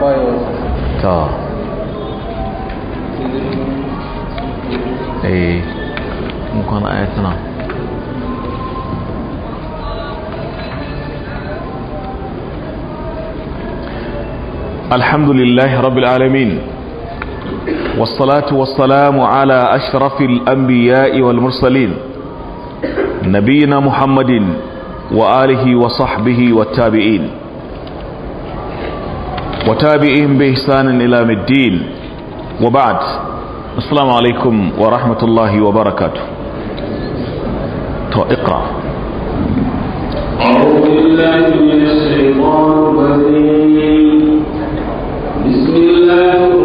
تا اي ممكن ايتنا الحمد لله رب العالمين والصلاة والسلام على أشرف الأنبياء والمرسلين نبينا محمد وآله وصحبه والتابعين وتابعهم بإحسان إلى الدين وبعد السلام عليكم ورحمة الله وبركاته اقرأ أعوذ بالله من الشيطان الرجيم بسم الله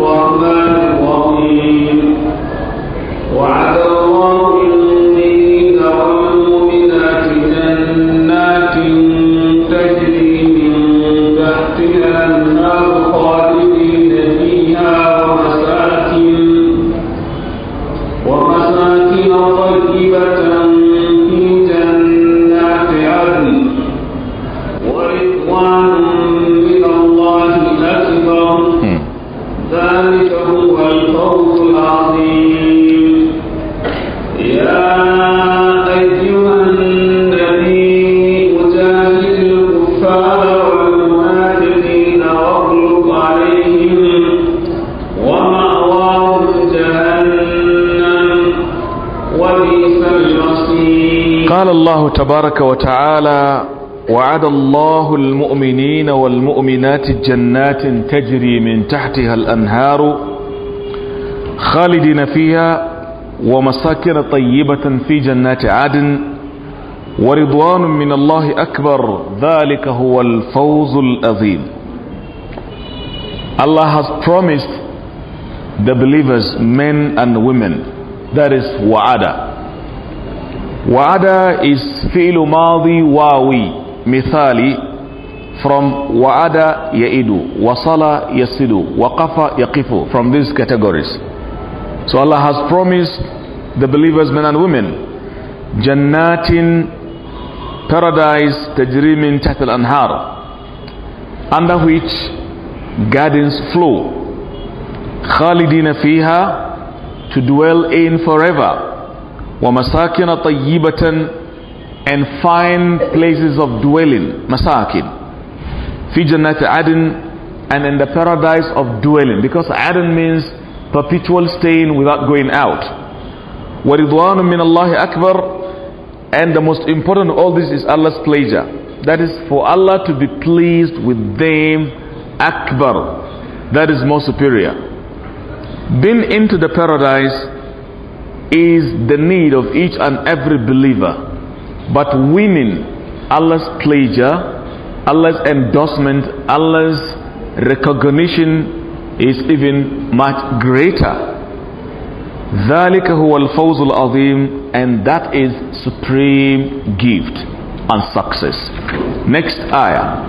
تبارك وتعالى وعد الله المؤمنين والمؤمنات جنات تجري من تحتها الأنهار خالدين فيها ومساكن طيبة في جنات عدن ورضوان من الله أكبر ذلك هو الفوز الأظيم Allah has promised the believers men and women that is wa'ada Wada is fi'lu madi wawi mithali from wa'ada ya'idu, wasala yasidu, waqafa yaqifu from these categories. So Allah has promised the believers men and women jannatin paradise tajri min al-anhar under which gardens flow khalidina fiha to dwell in forever وَمَسَاكِنَ طَيِّبَةً and fine places of dwelling, masakin, fi jannat adn, and in the paradise of dwelling, because adn means perpetual staying without going out. وَرِضْوَانٌ مِّنَ اللَّهِ أَكْبَرٌ And the most important of all this is Allah's pleasure. That is for Allah to be pleased with them, Akbar. That is more superior. Being into the paradise is the need of each and every believer. But winning Allah's pleasure, Allah's endorsement, Allah's recognition is even much greater. ذَلِكَ هُوَ الْفَوْزُ الْعَظِيمُ And that is supreme gift and success. Next ayah.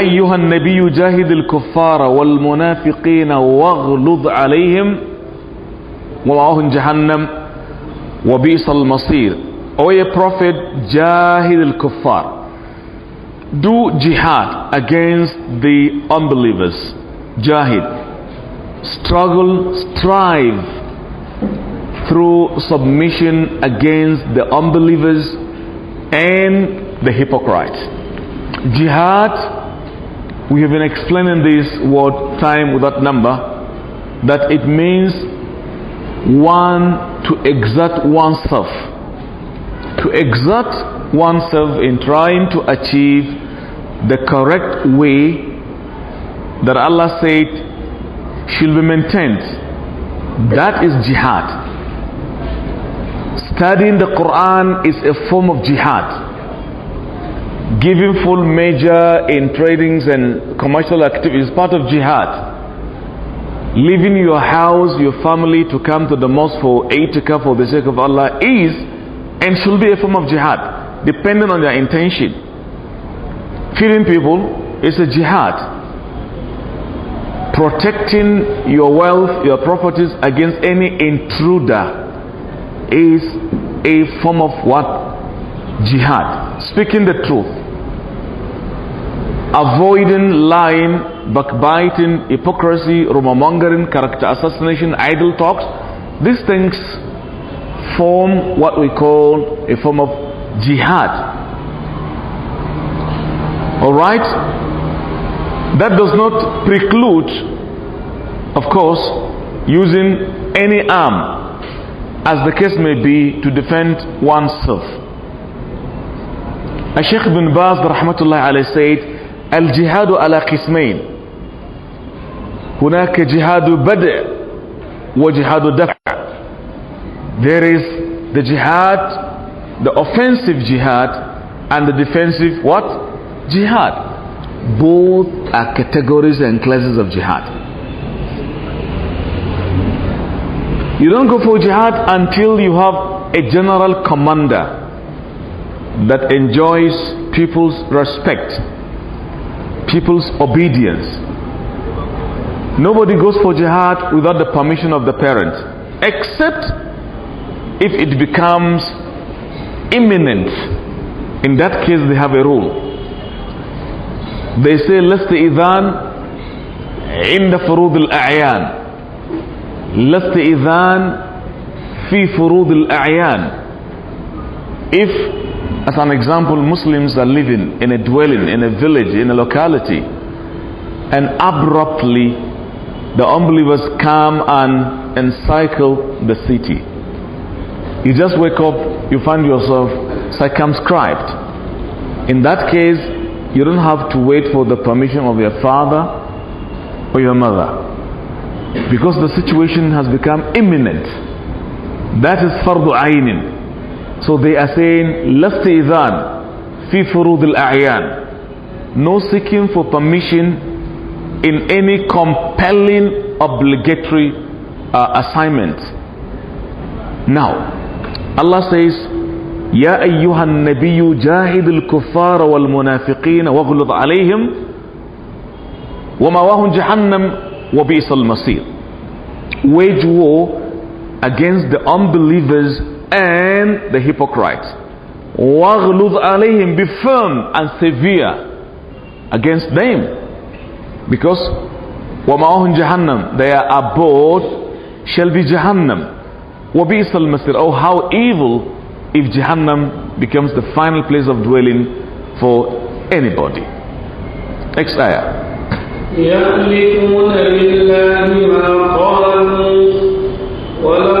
أيها النبي جاهد الكفار والمنافقين واغلظ عليهم ومعهم جهنم وبئس المصير O يا prophet جاهد الكفار Do jihad against the unbelievers jihad Struggle, strive through submission against the unbelievers and the hypocrites. Jihad we have been explaining this word time without number that it means one to exert oneself to exert oneself in trying to achieve the correct way that Allah said should be maintained that is jihad studying the Quran is a form of jihad giving full major in tradings and commercial activities is part of jihad. Leaving your house, your family to come to the mosque for come for the sake of Allah is and should be a form of jihad, depending on their intention. Feeding people is a jihad. Protecting your wealth, your properties against any intruder is a form of what? Jihad. Speaking the truth avoiding lying, backbiting, hypocrisy, rumor-mongering, character assassination, idle talks. These things form what we call a form of jihad. All right? That does not preclude, of course, using any arm, as the case may be, to defend oneself. Sheikh bin Baz, Rahmatullah alayhi, said, الجهاد على قسمين هناك جهاد بدء وجهاد دفع there is the jihad the offensive jihad and the defensive what jihad both are categories and classes of jihad You don't go for jihad until you have a general commander that enjoys people's respect people's obedience. Nobody goes for jihad without the permission of the parents, except if it becomes imminent. In that case, they have a rule. They say, Lest the in al A'yan, lest the لست fi Furud al A'yan." if as an example, Muslims are living in a dwelling, in a village, in a locality, and abruptly the unbelievers come and encircle the city. You just wake up, you find yourself circumscribed. In that case, you don't have to wait for the permission of your father or your mother because the situation has become imminent. That is fardu ainin. So they are saying, Lastizan fi furudil a'yan. No seeking for permission in any compelling obligatory uh, assignment. Now, Allah says, يا أيها النبي جاهد الكفار والمنافقين واغلظ عليهم ومواهم جهنم وبئس المصير. Wage war against the unbelievers and the hypocrites. وَغْلُظْ عَلَيْهِمْ Be firm and severe against them. Because وَمَعَهُمْ جَهَنَّمْ are abode shall be Jahannam. وَبِئْسَ الْمَسِيرُ Oh, how evil if Jahannam becomes the final place of dwelling for anybody. Next ayah. يحلفون بالله ما قالوا ولا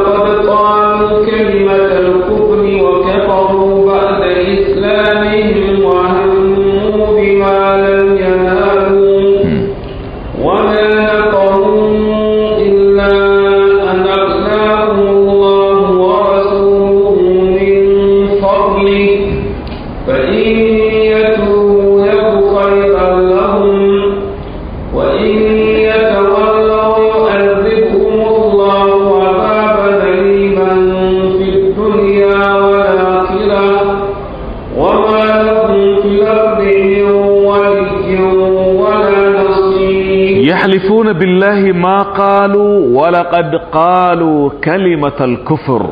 بالله ما قالوا ولقد قالوا كلمة الكفر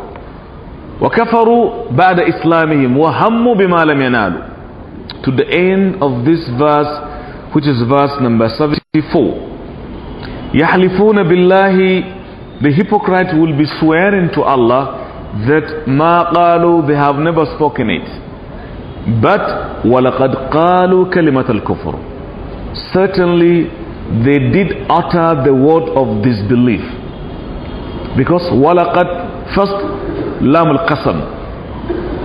وكفروا بعد إسلامهم وهموا بما لم ينالوا to the end of this verse which is verse number 74 يحلفون بالله the hypocrite will be swearing to Allah that ما قالوا they have never spoken it but ولقد قالوا كلمة الكفر certainly they did utter the word of disbelief because walakat first lam al-qasam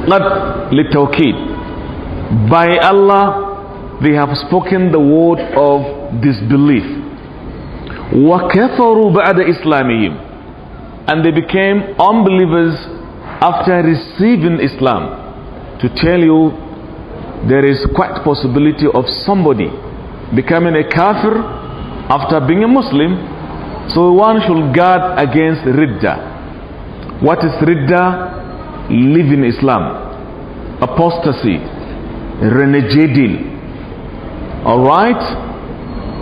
qad litawkid by Allah they have spoken the word of disbelief وَكَفَرُوا بَعْدَ إِسْلَامِهِمْ And they became unbelievers after receiving Islam. To tell you, there is quite possibility of somebody becoming a kafir after being a Muslim. So one should guard against Ridda. What is Ridda? Leaving Islam. Apostasy. Renegade. Alright?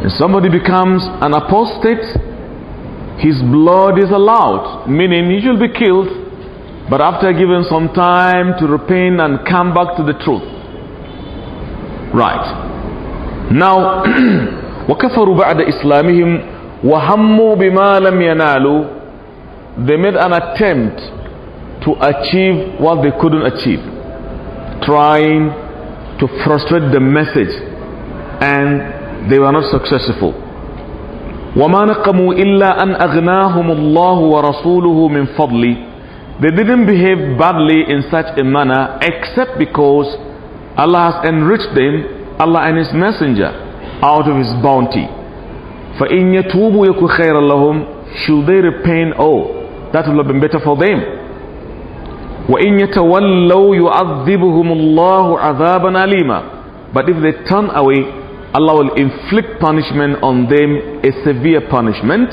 If somebody becomes an apostate, his blood is allowed, meaning he should be killed, but after giving some time to repent and come back to the truth. Right. Now, وَكَفَرُوا بَعْدَ إِسْلَامِهِمْ وَهَمُّوا بِمَا لَمْ يَنَالُوا They made an attempt to achieve what they couldn't achieve, trying to frustrate the message, and they were not successful. وما نقموا إلا أن أغناهم الله ورسوله من فضله They didn't behave badly in such a manner except because Allah has enriched them, Allah and His Messenger out of his bounty. فَإِنْ يَتُوبُوا يَكُ خَيْرًا لَهُمْ Should they repent? Oh, that would have been better for them. وَإِنْ يَتَوَلَّوْا يُعَذِّبُهُمُ اللَّهُ عَذَابًا أَلِيمًا But if they turn away, Allah will inflict punishment on them, a severe punishment.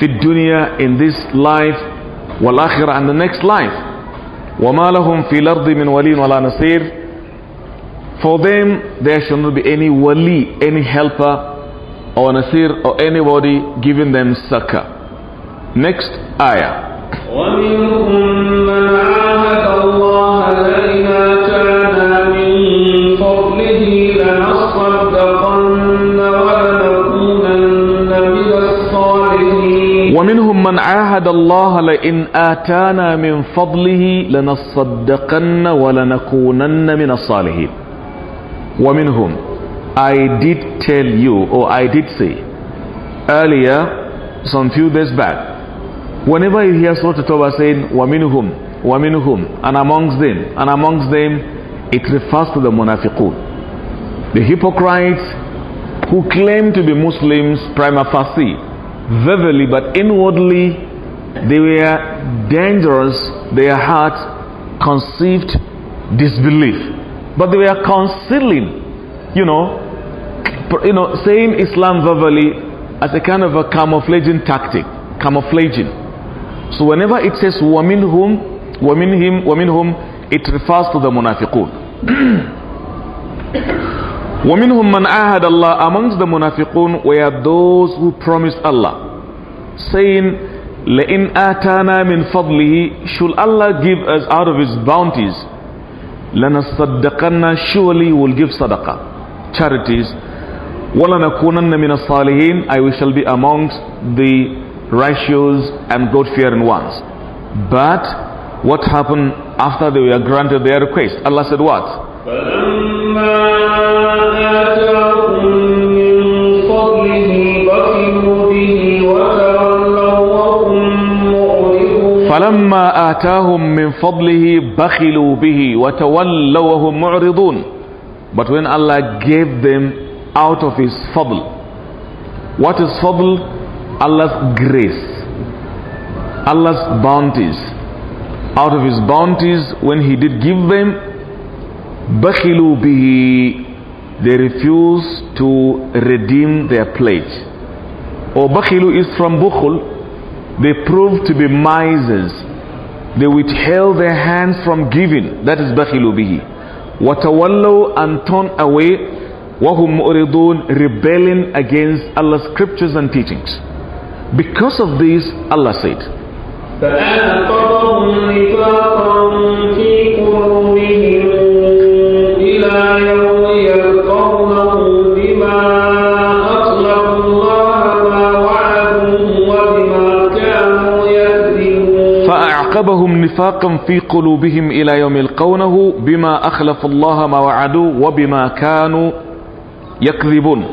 في الدنيا in this life والآخرة and the next life. وَمَا لَهُمْ فِي الْأَرْضِ مِنْ وَلِيٍّ وَلَا نَصِيرٍ For them, there shall not be any wali, any helper, or nasir, or anybody giving them succor. Next ayah. ومنهم من عاهد الله لئن آتانا من فضله لنصدقن ولنكونن من الصالحين ومن whom I did tell you or I did say earlier some few days back whenever you hear Surah Tawbah saying ومنهم ومنهم and amongst them and amongst them it refers to the munafiqun the hypocrites who claim to be Muslims prima facie verbally but inwardly they were dangerous their hearts conceived disbelief but they were concealing, you know, you know, saying Islam verbally as a kind of a camouflaging tactic, camouflaging. So whenever it says women whom, women him, women whom, it refers to the munafiqun. ومنهم man عاهد Allah amongst the munafiqun were those who promised Allah saying لئن آتانا من فضله should Allah give us out of his bounties لَنَصَّدَّقَنَّ Surely will give sadaqah, charities. وَلَنَكُونَنَّ مِنَ الصَّالِحِينَ I shall be amongst the righteous and God-fearing ones. But what happened after they were granted their request? Allah said what? فلما آتاهم من فضله بخلوا به معرضون But when Allah gave them out of His fadl What is fadl? Allah's grace Allah's bounties Out of His bounties when He did give them بخلوا به They refused to redeem their pledge Or bakhilu is from bukhul they proved to be misers they withheld their hands from giving that is bakhilu bihi watawallaw and turn away wahum muridun rebelling against Allah's scriptures and teachings because of this Allah said عاقبهم نفاقا في قلوبهم إلى يوم القونه بما أخلف الله ما وعدوا وبما كانوا يكذبون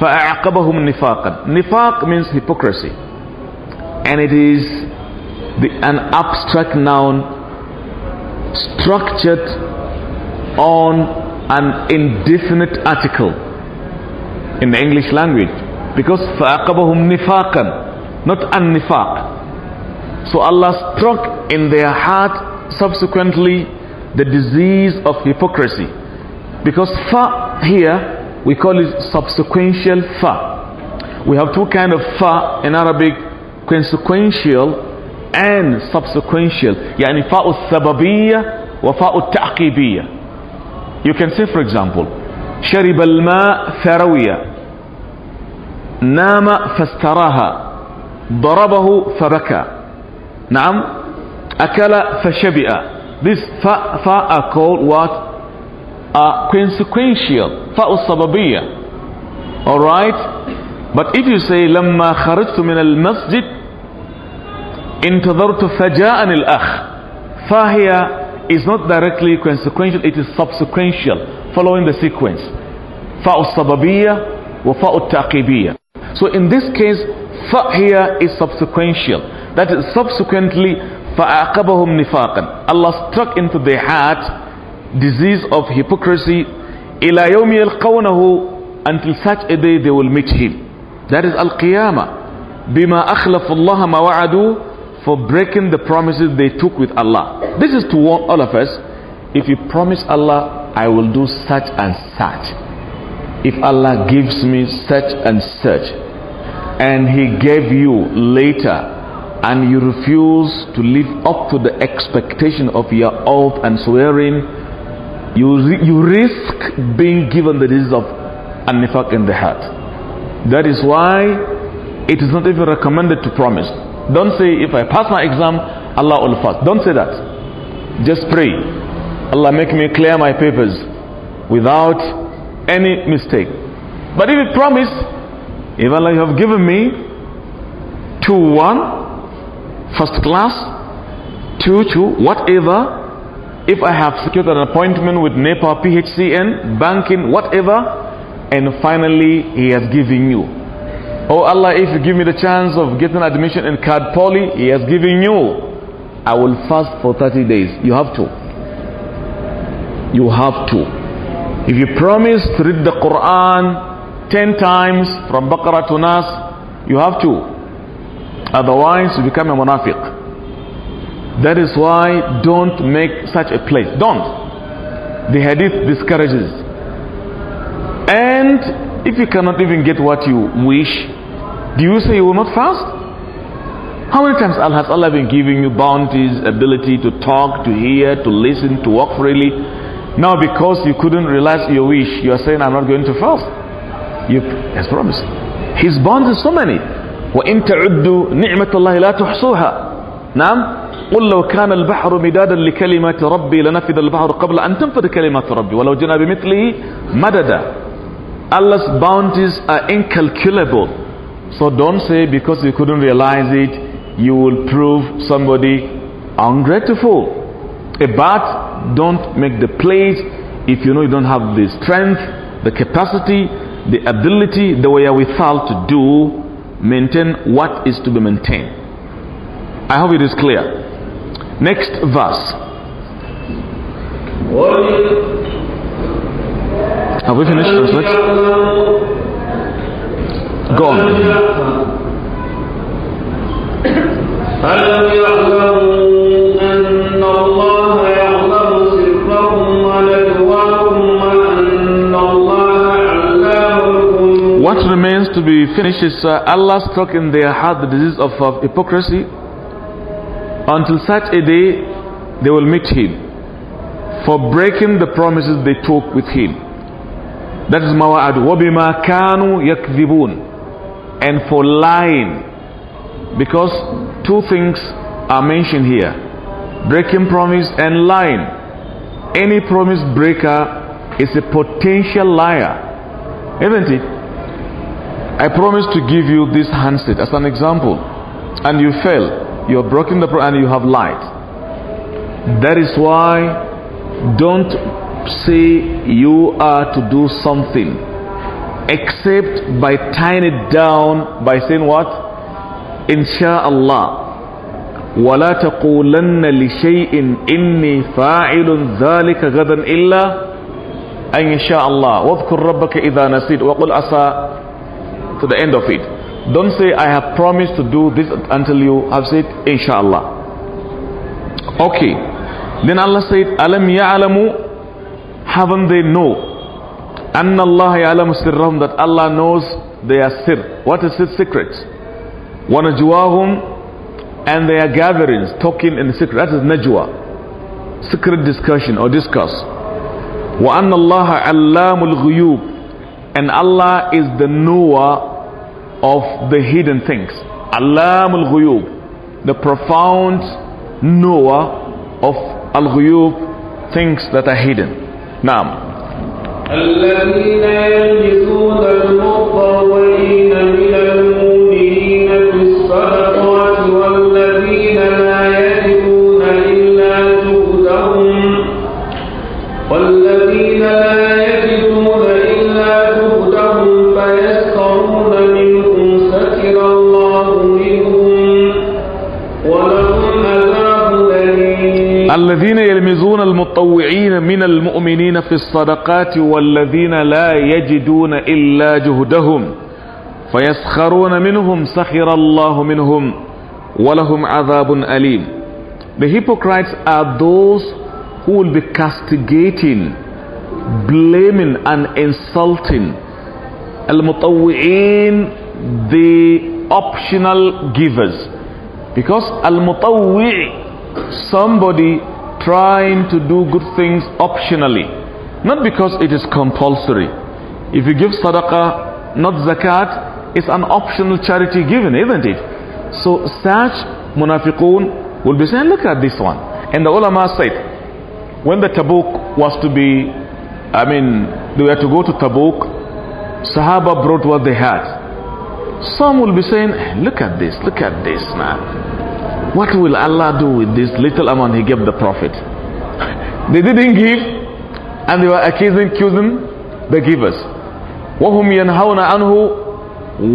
فأعقبهم نفاقا نفاق means hypocrisy and it is the, an abstract noun structured on an indefinite article in the English language because فأعقبهم نفاقا not an nifaq so Allah struck in their heart subsequently the disease of hypocrisy because fa here we call it subsequential fa we have two kind of fa in arabic consequential and subsequential يعني فاء السببية وفاء التعقيبية you can say for example شرب الماء ثرويا نام فاستراها ضربه فبكى نعم Akala fashabi'a. This fa, fa are called what? Are consequential. Fa'u sababiyya. Alright? But if you say, لما خرجت من المسجد انتظرت فجاءني الأخ. Fa here is not directly consequential, it is subsequential, following the sequence. Fa'u sababiyya wa fa'u So in this case, fa here is subsequential. That is subsequently فَأَعْقَبَهُمْ نِفَاقًا Allah struck into their heart disease of hypocrisy إِلَى يَوْمِ يَلْقَوْنَهُ Until such a day they will meet him. That is Al-Qiyamah. بِمَا أَخْلَفُ اللَّهَ مَا وَعَدُوا For breaking the promises they took with Allah. This is to warn all of us. If you promise Allah, I will do such and such if Allah gives me such and such, and He gave you later and you refuse to live up to the expectation of your oath and swearing, you, you risk being given the disease of anifak in the heart. That is why it is not even recommended to promise. Don't say, if I pass my exam, Allah will fast. Don't say that. Just pray. Allah make me clear my papers without any mistake. But if you promise, if Allah you have given me 2 1 first class, two to whatever. If I have secured an appointment with Nepal PHCN, banking, whatever, and finally He has given you. Oh Allah, if you give me the chance of getting admission in Card Poly, He has given you. I will fast for 30 days. You have to. You have to. If you promise to read the Quran 10 times from Baqarah to Nas, you have to. Otherwise, you become a munafiq. That is why don't make such a place. Don't. The hadith discourages. And if you cannot even get what you wish, do you say you will not fast? How many times has Allah been giving you bounties, ability to talk, to hear, to listen, to walk freely? Now, because you couldn't realize your wish, you are saying, I'm not going to fast. You, as promised. His bounties so many. وإن تعدوا نعمة الله لا تحصوها نعم قل لو كان البحر مدادا لكلمات ربي لنفذ البحر قبل أن تنفذ كلمات ربي ولو جنا بمثله مددا Allah's bounties are incalculable so don't say because you couldn't realize it you will prove somebody ungrateful a eh, bat don't make the pledge if you know you don't have the strength the capacity the ability the way fall to do maintain what is to be maintained. I hope it is clear. Next verse. Have we finished? Translate. Go on. to be finished is uh, Allah struck in their heart the disease of, of hypocrisy until such a day they will meet Him for breaking the promises they took with Him. That is mawa'ad. وَبِمَا كَانُوا يَكْذِبُونَ And for lying. Because two things are mentioned here. Breaking promise and lying. Any promise breaker is a potential liar. Isn't it? I promise to give you this handset as an example. And you fail. You are broken the promise and you have lied. That is why don't say you are to do something except by tying it down by saying what? Insha'Allah. ولا تقولن لشيء إني فاعل ذلك غدا إلا أن يشاء الله واذكر ربك إذا نسيت وقل عسى to the end of it. Don't say, I have promised to do this until you have said, Inshallah. Okay. Then Allah said, Alam ya'alamu, haven't they know? Anna Allah ya'alamu sirrahum, that Allah knows their sir. What is his secret? Wanajwahum, and their gatherings, talking in secret. That is najwa. Secret discussion or discuss. Wa anna Allah allamul ghuyub. And Allah is the knower of the hidden things. Alam al ghuyub, the profound knower of al ghuyub, things that are hidden. Now. المتطوعين من المؤمنين في الصدقات والذين لا يجدون إلا جهدهم فيسخرون منهم سخر الله منهم ولهم عذاب أليم The hypocrites are those who will be castigating, blaming and insulting المطوعين the optional givers because المطوع somebody trying to do good things optionally not because it is compulsory if you give sadaqah not zakat it's an optional charity given isn't it so such munafiqun will be saying look at this one and the ulama said when the tabuk was to be i mean they were to go to tabuk sahaba brought what they had some will be saying look at this look at this man what will Allah do with this little amount he gave the Prophet? they didn't give and they were accusing, accusing the givers. وَهُمْ يَنْهَوْنَ عَنْهُ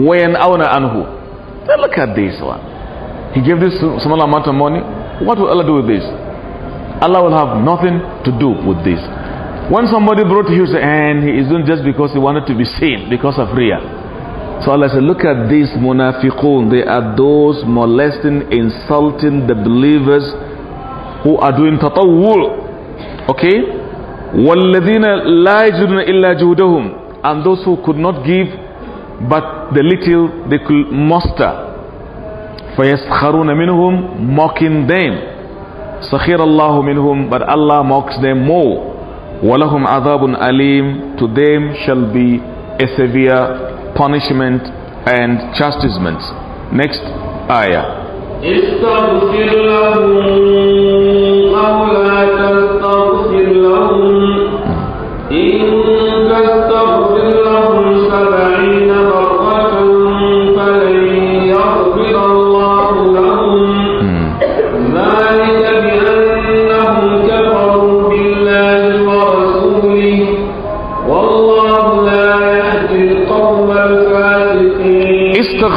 وَيَنْأَوْنَ عَنْهُ Now look at this one. He gave this small amount of money. What will Allah do with this? Allah will have nothing to do with this. When somebody brought huge and he isn't just because he wanted to be seen because of Riyah. So Allah said, look at these munafiqun. They are those molesting, insulting the believers who are doing tatawwu'. Okay? وَالَّذِينَ لَا يَجُدُونَ إِلَّا جُهُدَهُمْ And those who could not give but the little they could muster. فَيَسْخَرُونَ مِنْهُمْ Mocking them. سَخِيرَ اللَّهُ مِنْهُمْ But Allah mocks them more. وَلَهُمْ عَذَابٌ أَلِيمٌ To them shall be a severe punishment and chastisement. Next ayah.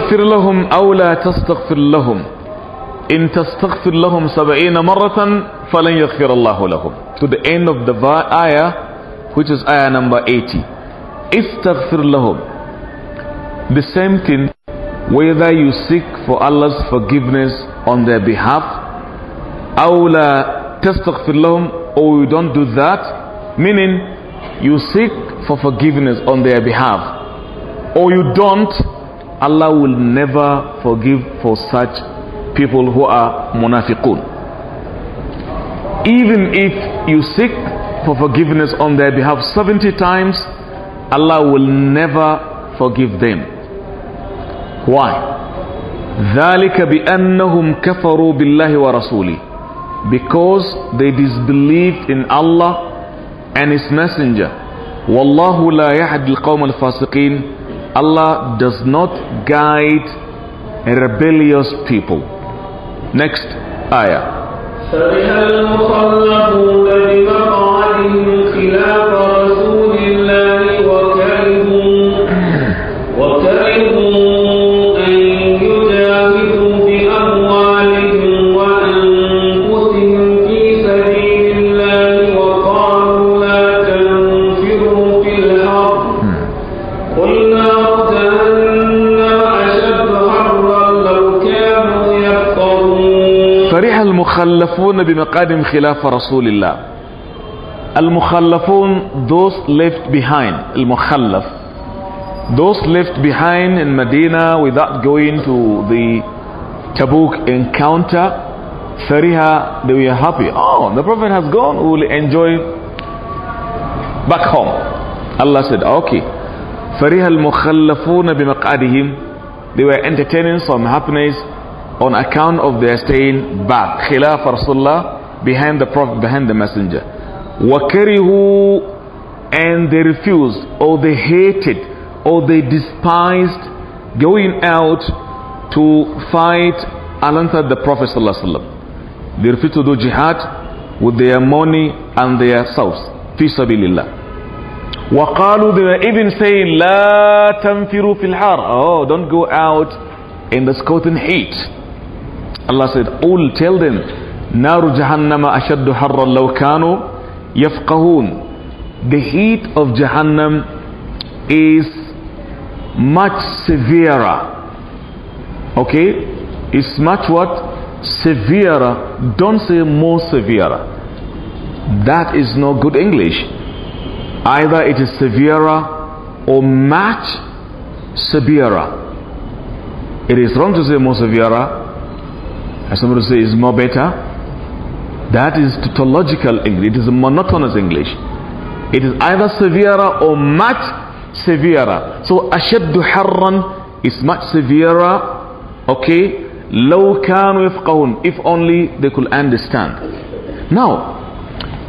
تستغفر لهم أو لا تستغفر لهم إن تستغفر لهم سبعين مرة فلن يغفر الله لهم to the end of the ayah which is ayah number 80 استغفر لهم the same thing whether you seek for Allah's forgiveness on their behalf أو لا تستغفر لهم or you don't do that meaning you seek for forgiveness on their behalf or you don't Allah will never forgive for such people who are munafiqun. Even if you seek for forgiveness on their behalf 70 times, Allah will never forgive them. Why? ذلك بأنهم كفروا بالله ورسوله because they disbelieved in Allah and His Messenger والله لا يحد القوم الفاسقين Allah does not guide a rebellious people. Next ayah. المخلفون بمقادم خلاف رسول الله المخلفون those left behind المخلف those left behind in Medina without going to the Tabuk encounter Sariha they were happy oh the prophet has gone we will enjoy back home Allah said okay Sariha المخلفون بمقادهم they were entertaining some happiness on account of their staying back khilaf rasulullah behind the prophet behind the messenger wakarihu and they refused or they hated or they despised going out to fight alongside the prophet sallallahu they refused to do jihad with their money and their selves fi sabilillah وقالوا they were even saying لا تنفروا في الحر oh don't go out in the scorching heat Allah said, "All tell them, Naru Jahannama ashaddu harra law kanu The heat of Jahannam is much severer. Okay? It's much what? Severer. Don't say more severer. That is no good English. Either it is severer or much severer. It is wrong to say more severer as somebody say, is more better. That is tautological English. It is monotonous English. It is either severer or much severer. So ashaddu harran is much severer. Okay. Low can with If only they could understand. Now,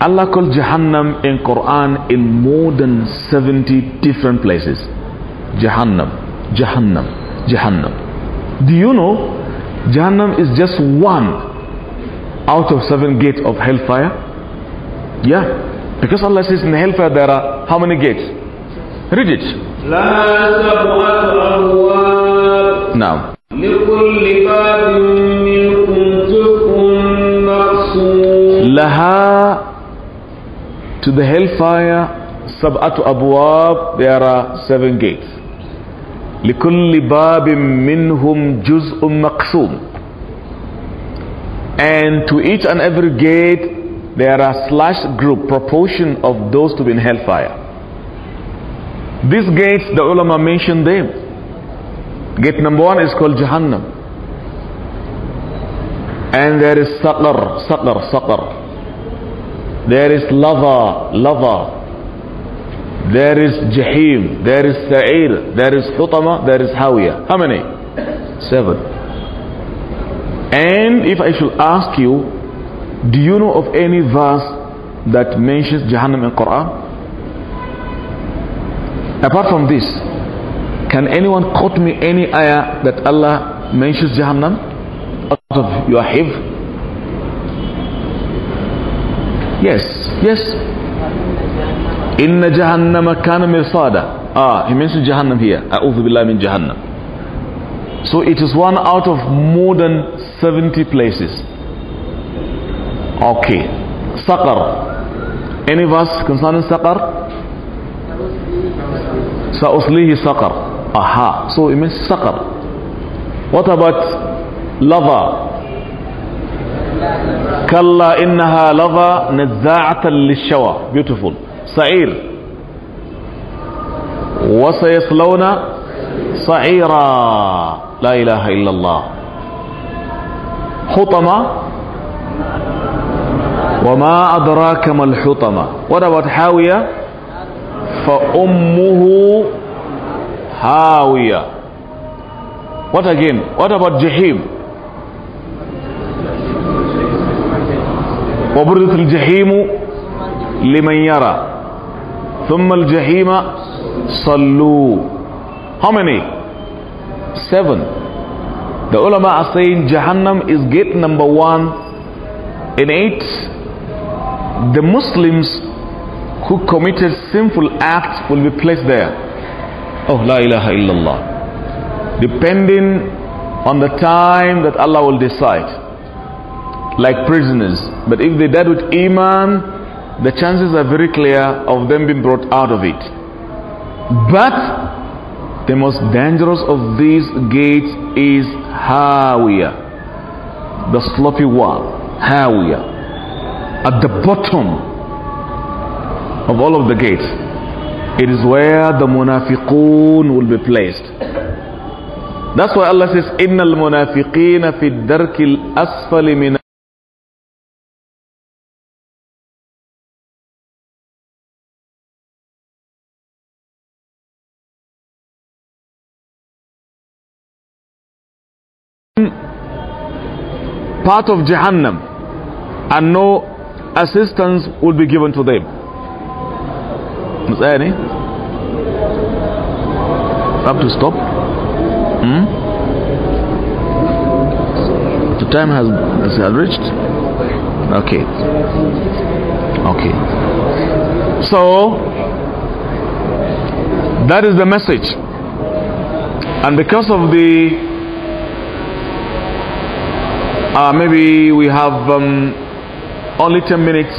Allah called Jahannam in Quran in more than 70 different places. Jahannam, Jahannam, Jahannam. Do you know Jahannam is just one out of seven gates of hellfire. Yeah, because Allah says in hellfire there are how many gates? Read it. Now. Laha to the hellfire, Sab'atu abuab there are seven gates. لِكُلِّ بَابٍ مِّنْهُمْ جُزْءٌ مَقْسُومٌ And to each and every gate there are slashed group proportion of those to be in hellfire. These gates, the ulama mentioned them. Gate number one is called Jahannam. And there is Saqar, Saqar, Saqar. There is lava, lava, there is Jahim, there is Sa'ir, there is Hutama, there is Hawiya. How many? Seven. And if I should ask you, do you know of any verse that mentions Jahannam in Quran? Apart from this, can anyone quote me any ayah that Allah mentions Jahannam out of your hiv? Yes, yes, إن جهنم كان مرصادا ah he mentions Jahannam here أعوذ بالله من Jahannam so it is one out of more than 70 places okay Saqar any verse concerning Saqar سأصليه سقر aha so it means سقر what about lava كلا إنها لظى نزاعة للشوى beautiful سعير وسيصلون صعيرا لا إله إلا الله حطمة وما أدراك ما الحطمة ودبت حاوية فأمه هاوية What again? What about Jahim? وبرزت الجحيم لمن يرى ثم الجحيم صلوا how many seven the ulama are saying Jahannam is gate number one in eight the Muslims who committed sinful acts will be placed there oh la ilaha illallah depending on the time that Allah will decide like prisoners but if they died with iman the chances are very clear of them being brought out of it. But the most dangerous of these gates is Hawiyah, the sloppy one, Hawiyah, at the bottom of all of the gates, it is where the munafiqun will be placed. That's why Allah says, إِنَّ الْمُنَافِقِينَ فِي al الْأَسْفَلِ min." part of Jahannam and no assistance will be given to them. Is there Any? Have to stop? Hmm? The time has, has reached? Okay. Okay. So, that is the message. And because of the uh, maybe we have um, only 10 minutes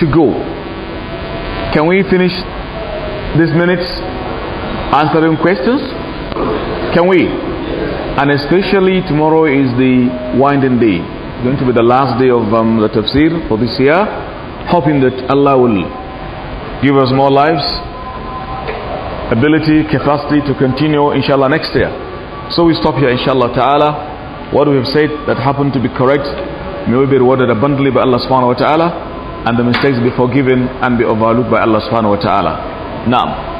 to go. Can we finish these minutes answering questions? Can we? And especially tomorrow is the winding day. It's going to be the last day of um, the tafsir for this year. Hoping that Allah will give us more lives, ability, capacity to continue inshallah next year. So we stop here inshallah ta'ala. What we have said that happened to be correct, may we be rewarded abundantly by Allah subhanahu wa ta'ala and the mistakes be forgiven and be overlooked by Allah subhanahu wa ta'ala. Now.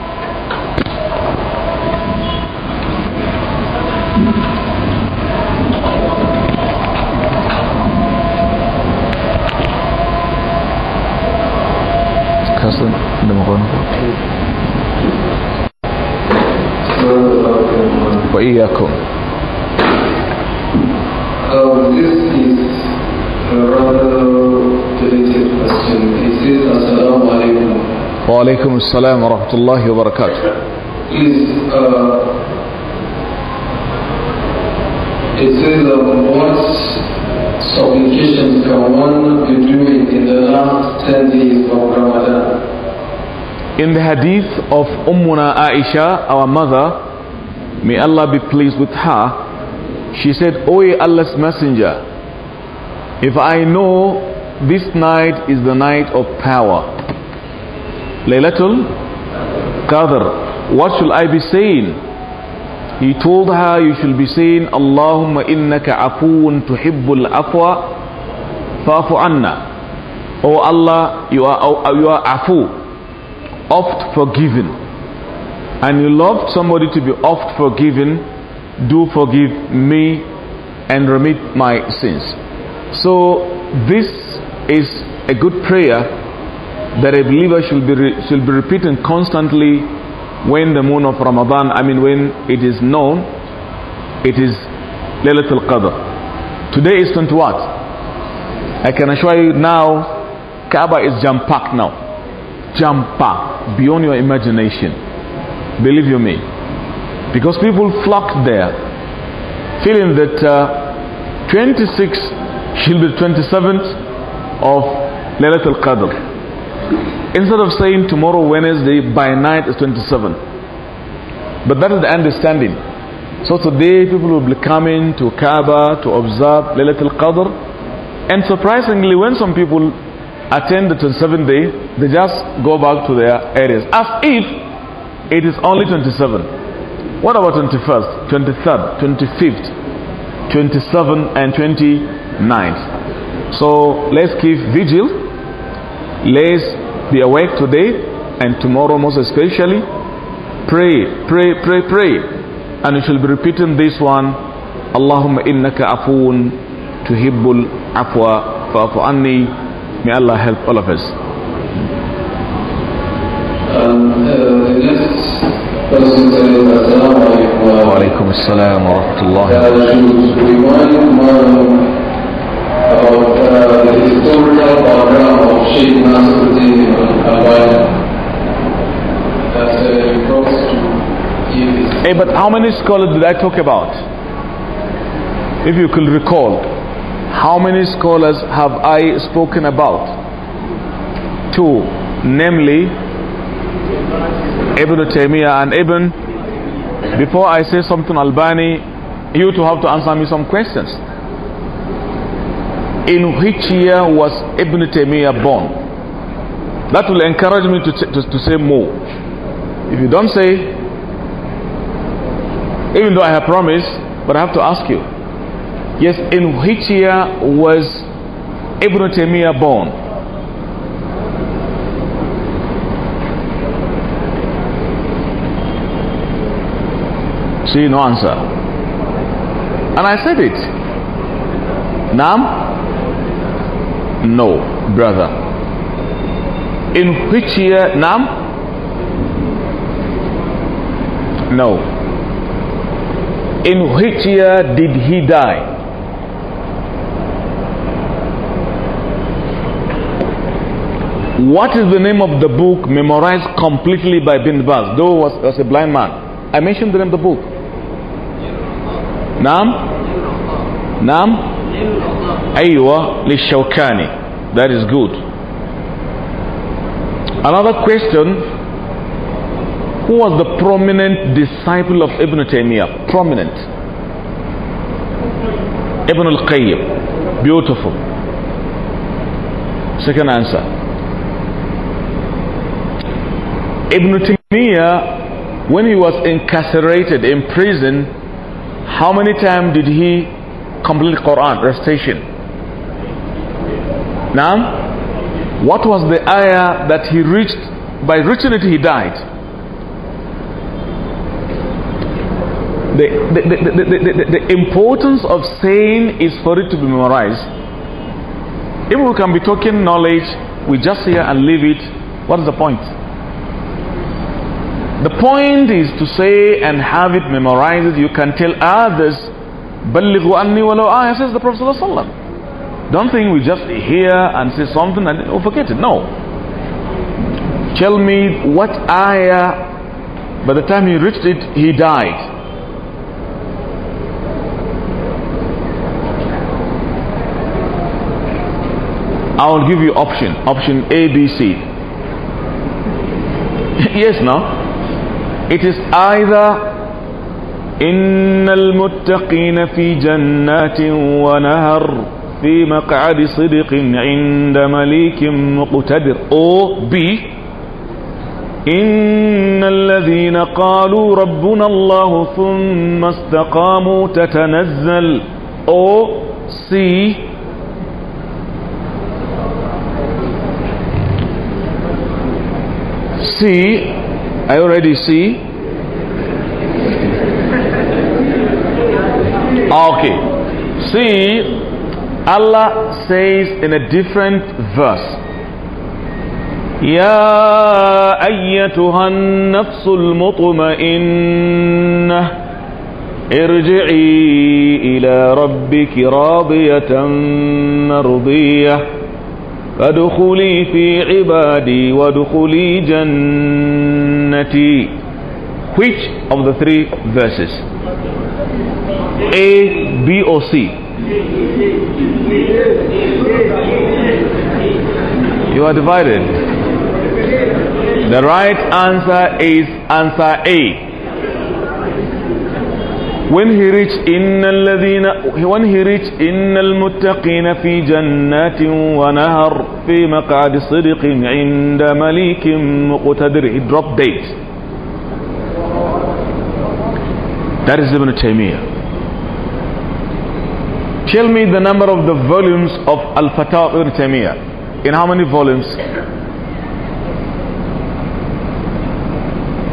وإياكم this is a rather delicate question. He says, Assalamu alaikum. Wa alaikum assalam wa rahmatullahi wa barakatuh. Is, uh, it says the most supplications can one be doing in the last 10 days of Ramadan? In the hadith of Ummuna Aisha, our mother, may Allah be pleased with her, she said, O Allah's messenger, if I know this night is the night of power, Laylatul Qadr, what shall I be saying? He told her, you shall be saying, Allahumma innaka afuun tuhibbul afwa fa'fu anna. O Allah, you are, you are afu, oft forgiven. And you love somebody to be oft forgiven, do forgive me and remit my sins. So this is a good prayer that a believer should be, re- should be repeating constantly when the moon of Ramadan, I mean when it is known, it is Laylatul Qadr. Today is 21. I can assure you now, Kaaba is jam-packed now. Jam-packed, beyond your imagination. Believe you me because people flocked there feeling that uh, 26 should be 27th of al Qadr instead of saying tomorrow Wednesday by night is 27 but that is the understanding so today people will be coming to Kaaba to observe al Qadr and surprisingly when some people attend the 27th day, they just go back to their areas as if it is only 27. What about 21st, 23rd, 25th, 27th, and 29th? So let's keep vigil. Let's be awake today and tomorrow, most especially. Pray, pray, pray, pray. And we shall be repeating this one. Allahumma innaka afoon tuhibbul afwa fa'afu anni. May Allah help all of us. Um, uh, وعليكم السلام ورحمة الله About the of Hey, but how many scholars did I talk about? If you could recall, how many scholars have I spoken about? Two, namely Ibn Taymiyyah and Ibn before I say something, Albani, you to have to answer me some questions. In which year was Ibn Taymiyyah born? That will encourage me to, to, to say more. If you don't say, even though I have promised, but I have to ask you. Yes, in which year was Ibn Taymiyyah born? See, no answer. And I said it. Nam? No, brother. In which year, Nam? No. In which year did he die? What is the name of the book memorized completely by Bin Baz? Though was, was a blind man. I mentioned the name of the book. نعم نعم أيوة للشوكاني that is good another question who was the prominent disciple of Ibn Taymiyyah prominent Ibn al-Qayyim beautiful second answer Ibn Taymiyyah when he was incarcerated in prison how many times did he complete Quran recitation? Now, what was the ayah that he reached? By reaching it, he died. The, the, the, the, importance of saying is for it to be memorized. If we can be talking knowledge, we just hear and leave it, what is the point? The point is to say and have it memorized. You can tell others, بَلِّغُوا anni وَلَوْ says the Prophet ﷺ. Don't think we just hear and say something and oh, forget it. No. Tell me what ayah, by the time he reached it, he died. I will give you option, option A, B, C. yes, no? it is either إن المتقين في جنات ونهر في مقعد صدق عند مليك مقتدر أو B إن الذين قالوا ربنا الله ثم استقاموا تتنزل أو سي سي I already see. Ah, okay. See, Allah says in a different verse. يا أيتها النفس المطمئنة ارجعي إلى ربك راضية مرضية فادخلي في عبادي وادخلي جنتي Which of the three verses? A, B or C? You are divided. The right answer is answer A. when he reached إن الذين when he reached إن المتقين في جنات ونهر في مقعد صدق عند مليك مقتدر he dropped dead that is Ibn Taymiyyah tell me the number of the volumes of Al-Fatah Ibn Taymiyyah in how many volumes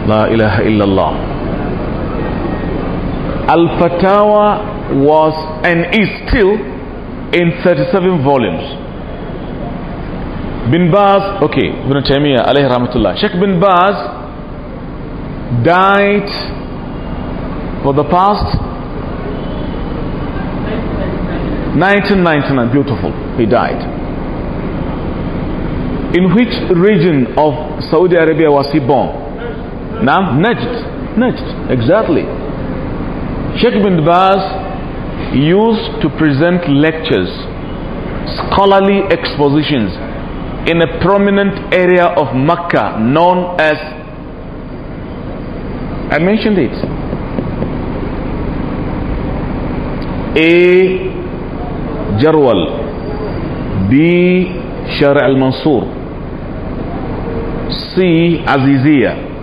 لا إله إلا الله Al Fatawa was and is still in 37 volumes. Bin Baz, okay, Ibn Taymiyyah, alayhi rahmatullah. Sheikh Bin Baz died for the past 1999, beautiful, he died. In which region of Saudi Arabia was he born? Now, Najd. Najd, exactly. Sheikh bin Baz used to present lectures, scholarly expositions in a prominent area of Mecca known as, I mentioned it, A. Jarwal, B. Shar al Mansur, C. Azizia.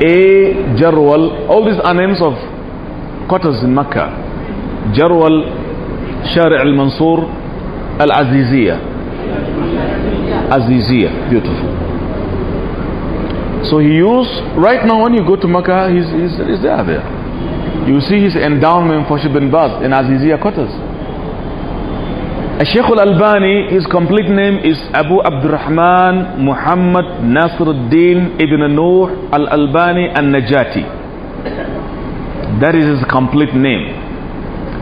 A, Jarwal, all these are names of quarters in Mecca. Jarwal, Shari' al-Mansur, Al-Aziziyah. Aziziyah, beautiful. So he used, right now when you go to Mecca, he's, he's, he's there, there. You see his endowment for Shibin Baz in Aziziyah quarters. Sheikh Al-Bani, his complete name is Abu Abdurrahman Muhammad Nasr al-Din ibn Nuh al-Albani al-Najati. That is his complete name.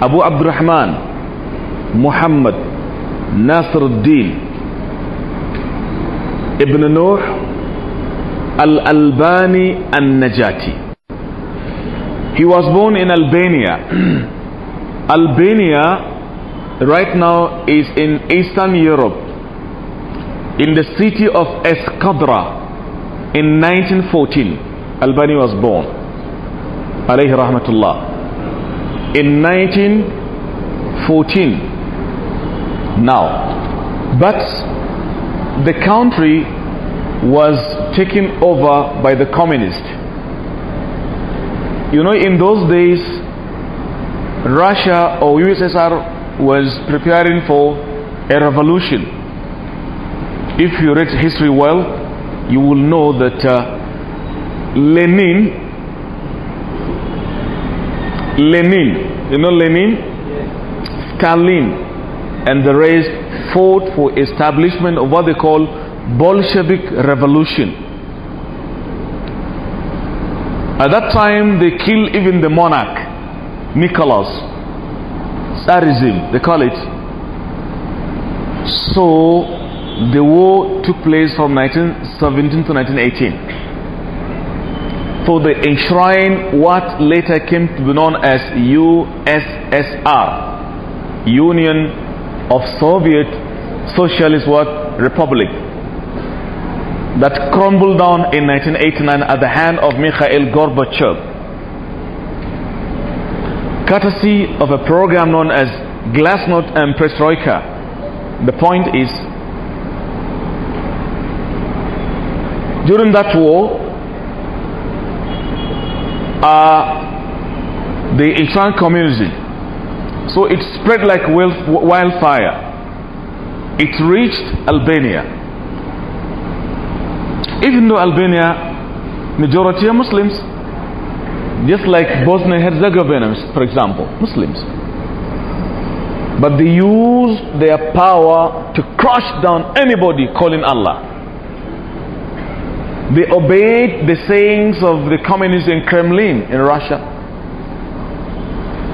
Abu Abdurrahman Muhammad Nasr al-Din ibn Nuh al-Albani al-Najati. He was born in Albania. Albania right now is in Eastern Europe, in the city of Escadra in 1914. Albani was born. Alayhi rahmatullah. In 1914. Now, but the country was taken over by the communists. You know, in those days, Russia or USSR was preparing for a revolution. If you read history well, you will know that uh, Lenin, Lenin, you know Lenin, yes. Stalin, and the rest fought for establishment of what they call Bolshevik revolution. At that time, they killed even the monarch, Nicholas tsarism they call it so the war took place from 1917 to 1918 so they enshrined what later came to be known as USSR Union of Soviet Socialist what Republic that crumbled down in 1989 at the hand of Mikhail Gorbachev courtesy of a program known as Glasnost and Perestroika. The point is, during that war, uh, the Islamic community, so it spread like wildfire. It reached Albania. Even though Albania, majority are Muslims, just like Bosnia Herzegovinans, for example, Muslims. But they use their power to crush down anybody calling Allah. They obeyed the sayings of the communists in Kremlin in Russia,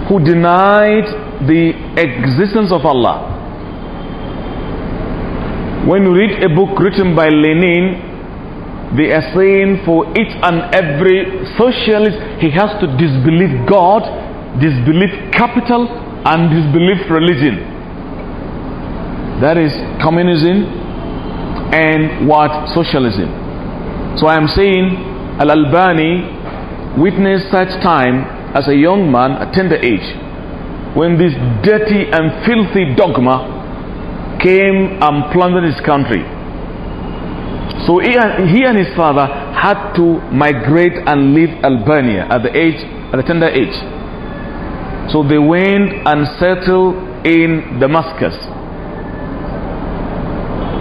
who denied the existence of Allah. When you read a book written by Lenin they are saying for each and every socialist he has to disbelieve god disbelieve capital and disbelieve religion that is communism and what socialism so i am saying al-albani witnessed such time as a young man at tender age when this dirty and filthy dogma came and plundered his country so he and his father had to migrate and leave Albania at the age, at the tender age. So they went and settled in Damascus.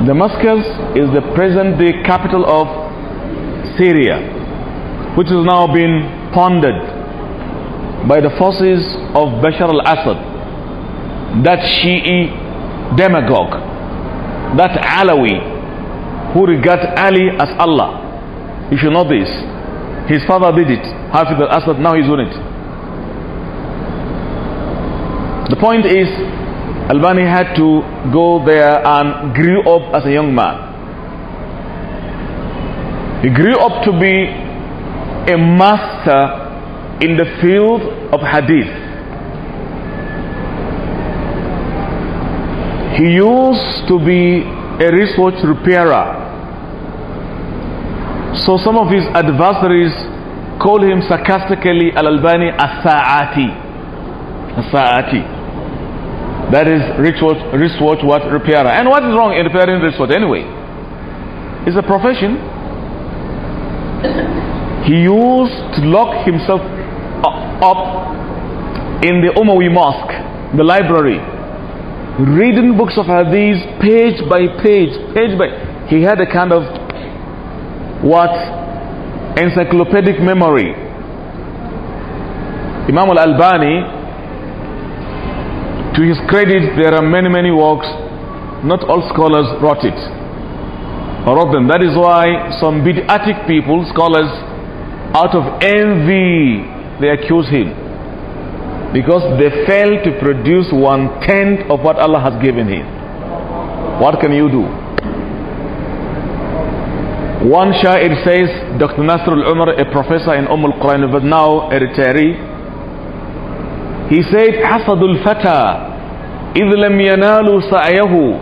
Damascus is the present day capital of Syria, which has now been plundered by the forces of Bashar al Assad, that Shi'i demagogue, that Alawi who regard Ali as Allah. You should know this. His father did it. Hafiz al-Assad, now he's doing it. The point is, Albani had to go there and grew up as a young man. He grew up to be a master in the field of hadith. He used to be a research repairer so some of his adversaries call him sarcastically Al-Albani As-Sa'ati. As-Sa'ati. That is wristwatch, wristwatch what repairer. And what is wrong in repairing wristwatch anyway? It's a profession. He used to lock himself up in the Umawi Mosque, the library, reading books of hadith page by page, page by. He had a kind of what encyclopedic memory imam al-albani to his credit there are many many works not all scholars wrote it or wrote them that is why some bid'atic people scholars out of envy they accuse him because they fail to produce one tenth of what allah has given him what can you do one Sha'ir says, Dr. Nasrul Umar, a professor in Umm al-Quran, but now a retiree, he said, حَصَدُ الْفَتَى إِذْ لَمْ يَنَالُوا سَعْيَهُ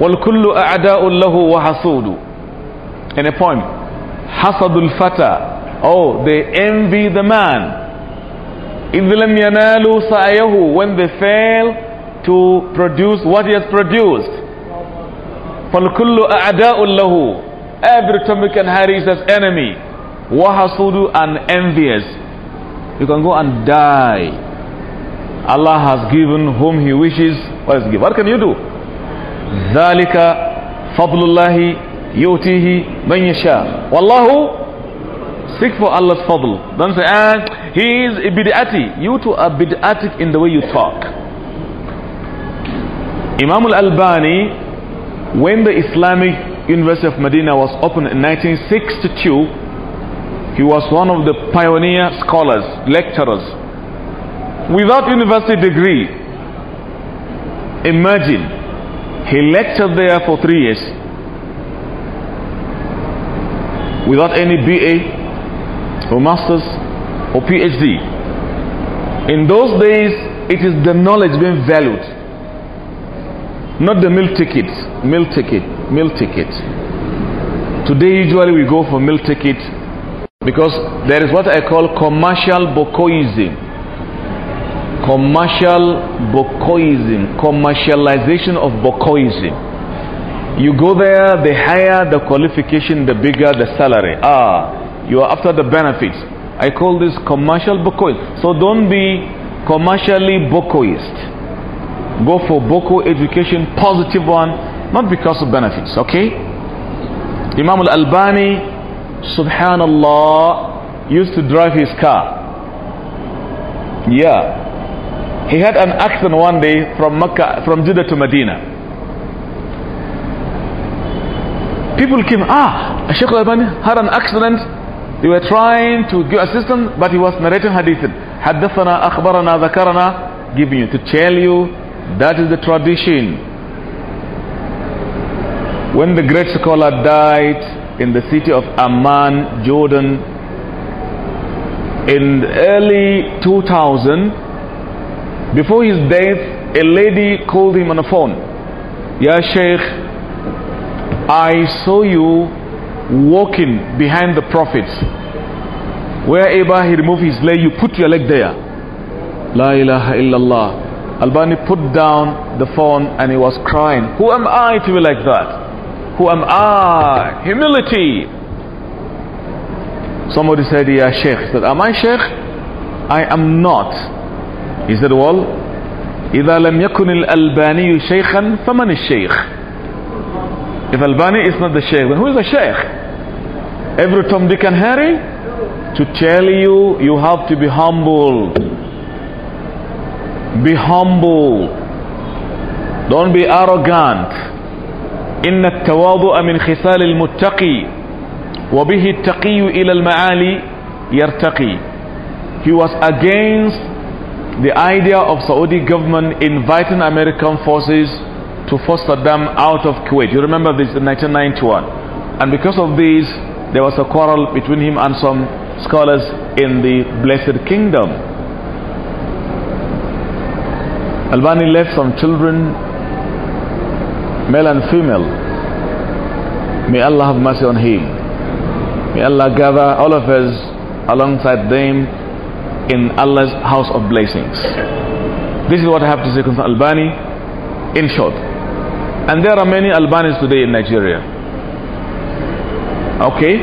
وَالْكُلُّ أَعْدَاءٌ لَهُ وَحَصُودُ In a poem, حَصَدُ الْفَتَى Oh, they envy the man. إِذْ لَمْ يَنَالُوا سَعْيَهُ When they fail to produce what he has produced. فَالْكُلُّ أَعْدَاءٌ لَهُ Every topic and Harry is as enemy. Wahasudu and envious. You can go and die. Allah has given whom He wishes. What, he what can you do? ذلك فضل الله يؤتيه من يشاء والله seek for Allah's fadl don't say ah, he is a bid'ati you too are bid'atic in the way you talk Imam al-Albani when the Islamic University of Medina was opened in 1962, he was one of the pioneer scholars, lecturers. Without university degree, imagine, he lectured there for three years. Without any BA or master's or PhD. In those days, it is the knowledge being valued not the meal ticket, meal ticket, meal ticket. Today usually we go for meal ticket because there is what I call commercial bokoism. Commercial bokoism, commercialization of bokoism. You go there, the higher the qualification, the bigger the salary. Ah, you are after the benefits. I call this commercial bokoism. So don't be commercially bokoist go for Boko education, positive one, not because of benefits, okay? Imam al Albani, subhanallah, used to drive his car. Yeah. He had an accident one day from Mecca, from Jeddah to Medina. People came, ah, Sheikh Al-Albani had an accident. They were trying to give assistance, but he was narrating hadith. حدثنا أخبرنا ذكرنا giving you to tell you that is the tradition. When the great scholar died in the city of Amman, Jordan, in early 2000, before his death, a lady called him on the phone. Ya Sheikh, I saw you walking behind the prophet. Wherever he removed his leg, you put your leg there. La ilaha illallah. Albani put down the phone and he was crying. Who am I to be like that? Who am I? Humility. Somebody said, Yeah, Sheikh. He said, Am I Sheikh? I am not. He said, Well, إذا لم يكن الألباني شيخا فمن الشيخ؟ If Albani is not the Sheikh, then who is the Sheikh? Every Tom, Dick and Harry? To tell you, you have to be humble. Be humble. Don't be arrogant. إن التواضع من خصال المتقي وبه التقي إلى المعالي يرتقي. He was against the idea of Saudi government inviting American forces to foster them out of Kuwait. You remember this in 1991. And because of this, there was a quarrel between him and some scholars in the Blessed Kingdom. Albani left some children, male and female. May Allah have mercy on him. May Allah gather all of us alongside them in Allah's house of blessings. This is what I have to say concerning Albani, in short. And there are many Albanis today in Nigeria. Okay?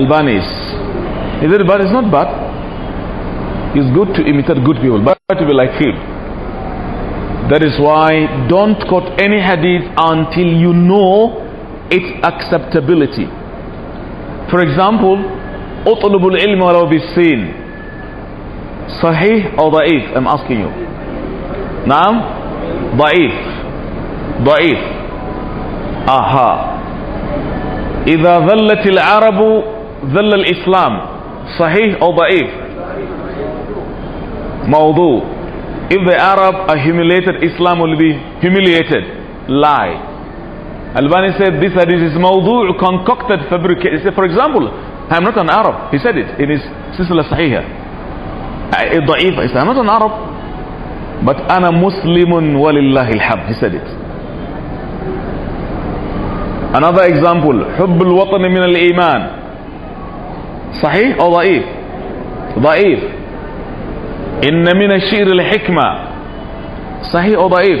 Albanis. Is it bad? It's not bad. It's good to imitate good people, but to be like him. That is why don't quote any hadith until you know its acceptability. For example, أطلب العلم ولو بالسين صحيح أو ضعيف I'm asking you نعم ضعيف ضعيف أها إذا ذلت العرب ذل الإسلام صحيح أو ضعيف موضوع if the Arab are humiliated, Islam will be humiliated. Lie. Albani said this hadith is mawdu' concocted fabricated. He said, for example, I'm not an Arab. He said it in his Sisla Sahiha. ضعيف. He said, I'm not an Arab. But ana muslimun walillahi alhamd. He said it. Another example, حب min al-iman. Sahih or daif? Daif. إن من الشعر الحكمة صحيح أو ضعيف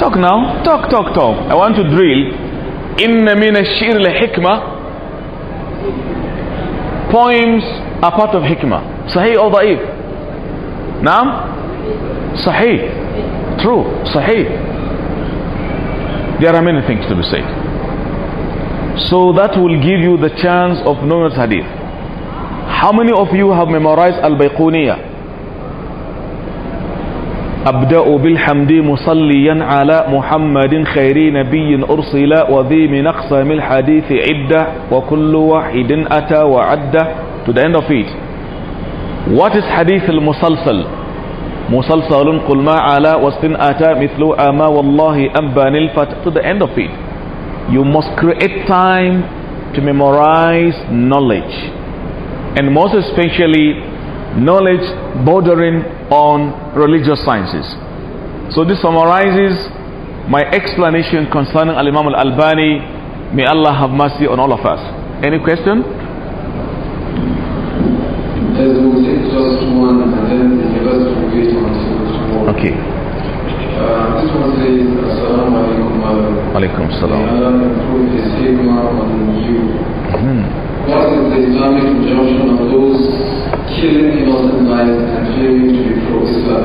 talk now talk talk talk I want to drill إن من الشعر الحكمة poems are part of hikmah صحيح أو ضعيف نعم صحيح true صحيح there are many things to be said so that will give you the chance of knowing hadith. How many of you have memorized Al-Bayquniyah? أبدأ بالحمد مصليا على محمد خير نبي أرسل وذي من أقسام الحديث عدة وكل واحد أتى وعدة to the end of it what is حديث المسلسل مسلسل قل ما على وسط أتى مثل أما والله أنبان الفتى to the end of it you must create time to memorize knowledge and most especially knowledge bordering on religious sciences so this summarizes my explanation concerning al-imam al-albani may allah have mercy on all of us any question okay this one says, Alaikum salam. Hmm. What is the Islamic injunction of those killing innocent lives and claiming to be pro-Islam?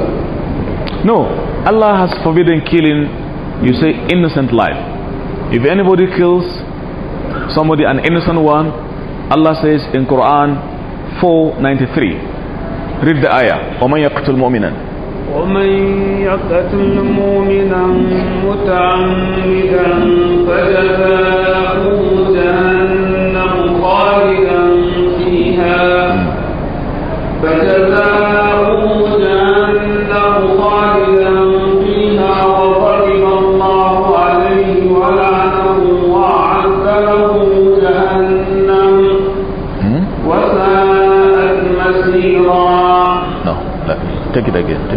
No, Allah has forbidden killing, you say, innocent life. If anybody kills somebody, an innocent one, Allah says in Quran 493, read the ayah, وَمَنْ يَقْتُلْ مُؤْمِنًا ومن يقتل مؤمنا متعمدا فجزاؤه جهنم خالدا فيها فجزاؤه جهنم خالدا فيها وغضب الله عليه ولعنه وأعد له جهنم hmm? وساءت مسيرا. No, لا. Take it again.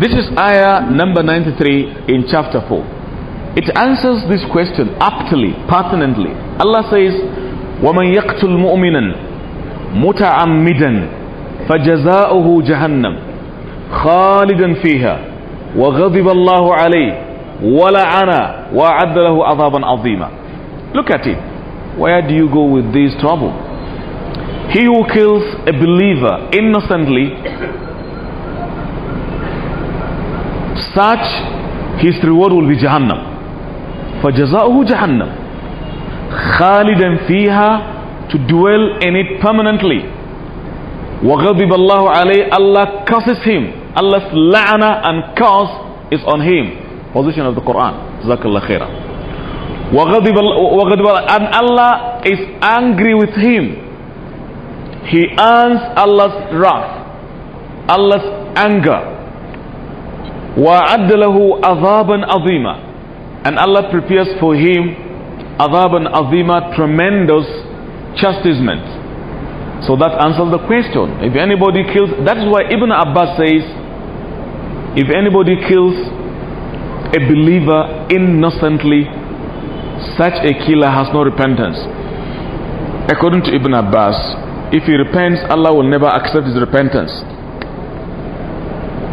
This is ayah number 93 in chapter 4. It answers this question aptly, pertinently. Allah says, ومن يقتل مؤمنا متعمدا فجزاؤه جهنم خالدا فيها وغضب الله عليه ولعنا وأعد له عذابا عظيما Look at it. Where do you go with this trouble? He who kills a believer innocently, such his reward will be Jahannam. فَجَزَاؤُهُ جَهَنَّمُ خالدا فيها to dwell in it permanently وغضب الله عليه Allah curses him Allah's la'ana and curse is on him position of the Quran وغضب khairah and Allah is angry with him he earns Allah's wrath Allah's anger وَعَدَّ لَهُ عَذَابًا عَظِيمًا and Allah prepares for him Adhabun azima, tremendous chastisement. So that answers the question. If anybody kills, that is why Ibn Abbas says, if anybody kills a believer innocently, such a killer has no repentance. According to Ibn Abbas, if he repents, Allah will never accept his repentance.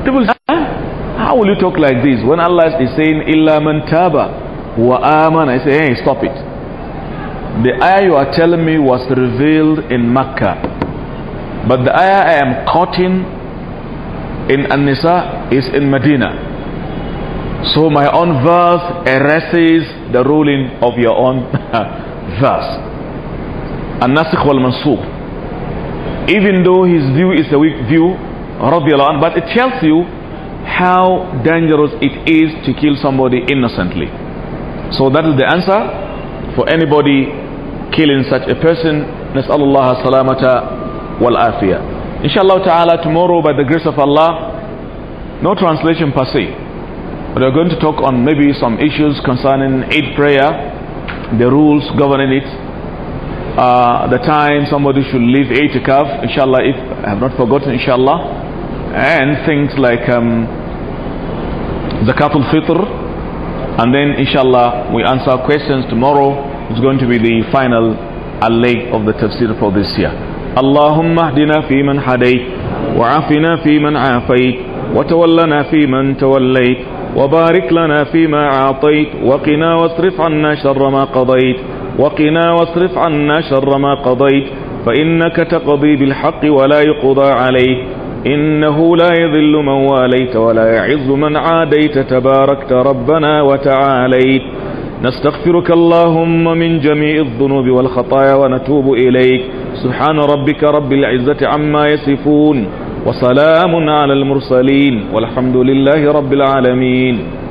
People say, how will you talk like this when Allah is saying, Illa man taba? wa I say, hey, stop it. The ayah you are telling me was revealed in Mecca. But the ayah I am quoting in An-Nisa is in Medina. So my own verse erases the ruling of your own verse. An-Nasikh wal-Mansukh. Even though his view is a weak view, but it tells you how dangerous it is to kill somebody innocently. So that is the answer for anybody killing such a person. نسأل الله السلامة والعافية. Inshallah ta'ala tomorrow by the grace of Allah, no translation per se. But we're going to talk on maybe some issues concerning Eid prayer, the rules governing it, uh, the time somebody should leave to itikaf, inshallah, if I have not forgotten, inshallah, and things like um, zakatul fitr, and then inshallah we answer questions tomorrow. It's going to be the final leg of the tafsir for this year. اللهم اهدنا فيمن هديت وعافنا فيمن عافيت وتولنا فيمن توليت وبارك لنا فيما أعطيت وقنا واصرف عنا شر ما قضيت وقنا واصرف عنا شر ما قضيت فإنك تقضي بالحق ولا يقضى عليك إنه لا يذل من واليت ولا يعز من عاديت تباركت ربنا وتعاليت نستغفرك اللهم من جميع الذنوب والخطايا ونتوب إليك سبحان ربك رب العزة عما يصفون وسلام على المرسلين والحمد لله رب العالمين